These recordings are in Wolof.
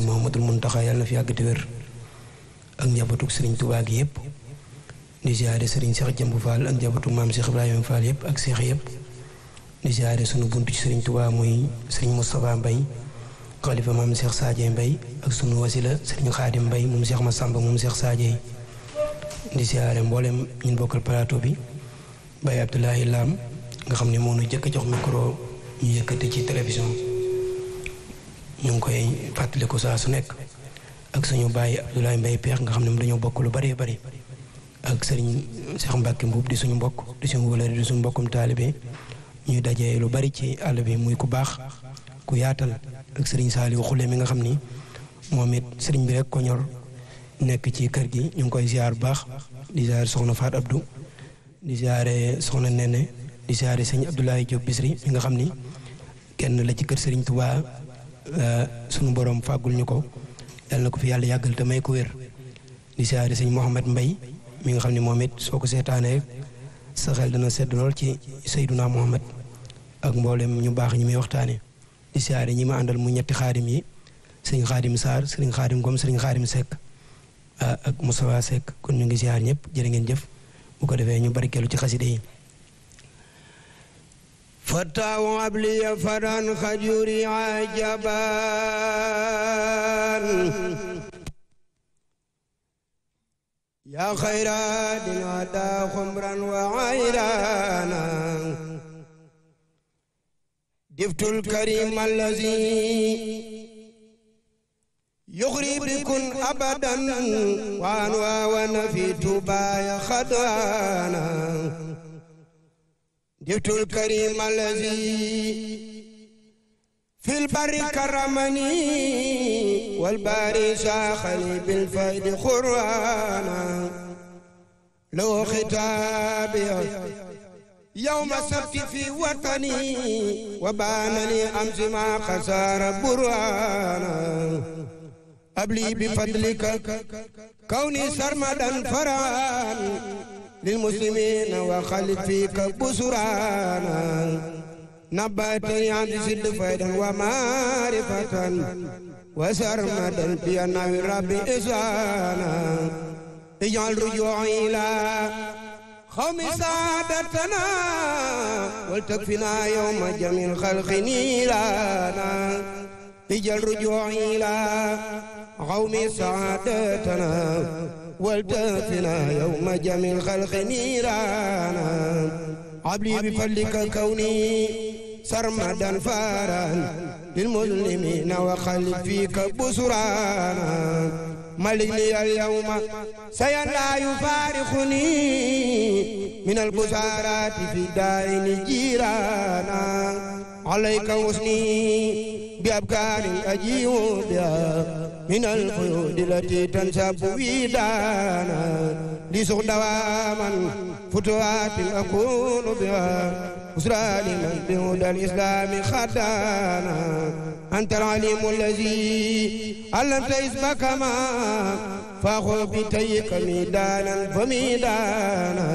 Muhammadul Muntaxa yàlla na fi àgg te ak njabootug sëriñ Tuubaa gi yëpp di ziare sëriñ Cheikh Jëmb Fall ak njabootug maam Cheikh Ibrahima Fall yëpp ak seex yëpp di ziare sunu bunt ci sëriñ Tuubaa muy sëriñ Moustapha Mbaye xalifa maam Cheikh Sadie Mbaye ak sunu wasila sëriñ Xaadim Mbaye moom Cheikh Massamba moom seex Sadie ndi ziare mboolem ñun bokkal plateau bi Baye Abdoulaye Lam nga xam ne moom nu jëkk jox micro ñu yëkkate ci télévision. ñu ngi koy fàttaliku saa su nekk ak suñu bàyyi Abdoulaye Mbaye Peex nga xam ne dañoo bokk lu bëree bëri ak sëriñ Cheikh Mbacke Mbuub di suñu mbokk di suñu wëlëri di suñu mbokkum taalibe ñuy dajee lu bari ci àll muy ku baax ku yaatal ak sëriñ Saaliw Xule mi nga xam ni moom it sëriñ bi rek ko nekk ci kër gi ñu ngi koy ziar bu baax di ziare soxna Faat Abdou di ziare soxna Nene di ziare sëñ Abdoulaye Diop Bisri mi nga xam ni kenn la ci kër sëriñ Touba. Eh, sunu borom fàggul ñu ko yàlla na ko fi yàlla yàggal te may ko wér di siyaare sëñ Mouhamed Mbaye mi nga xam ne moom it soo ko seetaanee sa dana sedd lool ci Seydouna Mouhamed ak mboolem ñu baax ñi muy waxtaanee di siyaare ñi ma àndal mu ñetti xaadim yi sëñ xaadim Sarr sëñ xaadim Ngom sëñ xaadim sekk eh, ak Moustapha Seck kon ñu ngi siyaar ñëpp jërë ngeen jëf bu ko defee ñu bari barkeelu ci xaside yi فتاه عبلي فران خجوري عجبان يا خيرات عدا خمرا وعيرانا دفت الكريم الذي يغري بكن أبدا وأنواع ونفي تبايا خدانا جبت الكريم الذي في البر كرمني والباري ساخني بالفيد خرانا لو ختابي يوم سبت في وطني وبان لي أمس ما خسار برانا أبلي بفضلك كوني سرمدا فران للمسلمين وخلد فيك بسرانا نباتي عن سد فيدا ومعرفة وسرمدا في نبي ربي إسانا اجعل رجوعي إلى قوم سعادتنا ولتكفنا يوم جميع الخلق نيلانا اجعل رجوعي إلى قوم سعادتنا ولتكفنا يوم جميع الخلق نيرانا عبلي بفضلك كوني سرمدا فارا للمسلمين وخلف فيك بسرانا ملك لي اليوم سيا لا يفارقني من البسارات في دار جيرانا عليك وصلي بأبكار أجيب بها من القيود التي تنسب ويدانا لسوق دواما فتوات أكون بها أسرى لمن بهدى الإسلام خدانا أنت العليم الذي علمت اسمك ما فأخذ بيتيك ميدانا فميدانا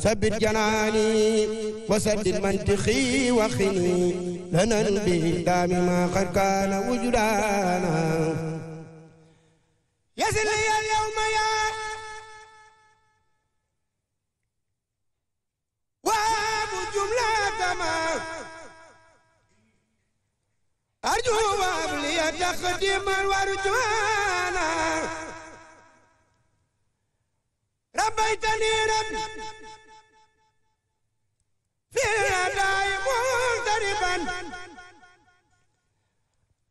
ثبت جناني وسدد منطقي وخني لنا بإقدام ما قد كان وجدانا يا سلي اليوم يا أرجو وابلي تقديم وارجوانا ربيتني رب في الأداء مغتربا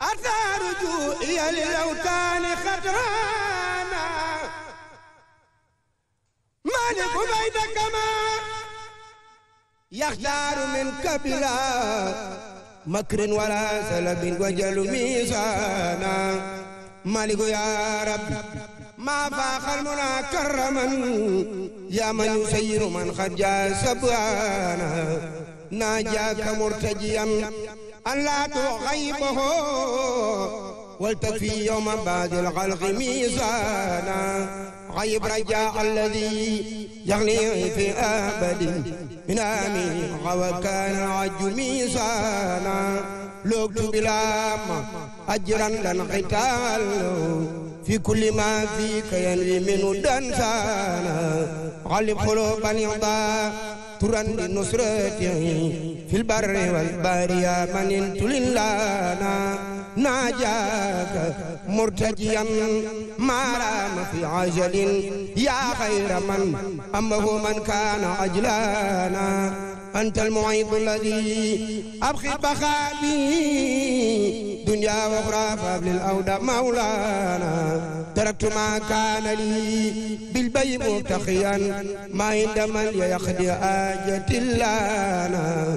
أتى رجوعي للأوطان خطرانا مالك بيتك ما yaxtaaru min kabila makrin wala salabin wajalu misaana maliku yaa rabbi maa faaxal muna karraman yaa man yusayiru man xad jaa sabana naa jaaka murtajiyan an laa tuxaybahu ولتكفي يوم بعد الخلق ميزانا غيب رجاء الذي يغني في أبد من آمين وكان العج ميزانا لقت بلام أجرا لن قتال في كل ما فيك ينوي منه دنسانا غلب قلوبا يرضى ترا لنصرته في البر والبر يا من انت لنا ناجانا مرتجيا ما رام في عجل يا خير من أمه من كان عجلانا أنت المعيط الذي أبخي بخابي دنيا وأخرى فابل الأودى مولانا تركت ما كان لي بالبي مبتخيا ما عند من يخدي آجة لنا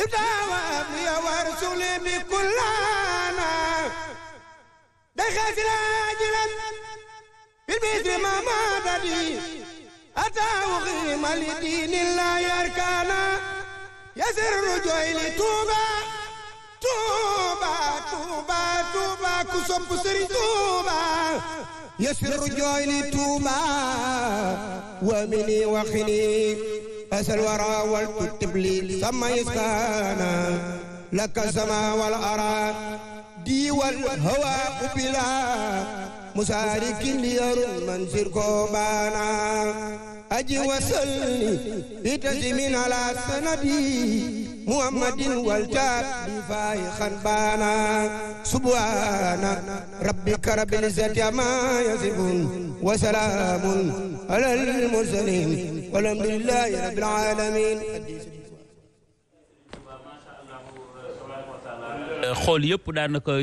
بدعوى ورسول بكلانا دخلت لاجلا بالبدر ما مددي أتى غيم لدين الله يركانا يسر رجوعي لتوبة توبة توبة توبة كسب سري توبة يسر رجوعي لتوبة ومني وخني asal wara wal tutibli sama istaana laka sama wal ara diiwal hawa ubila musaarikin yarun mansir ko baana aji wasalli bi tasmin ala sanadi muhammadin wal taat bi faayi xan baana subhaana rabbika rabbil izzati amma yasifun wa salaamun alal mursalin walhamdulillahi rabbil alamin xool yëpp daanaka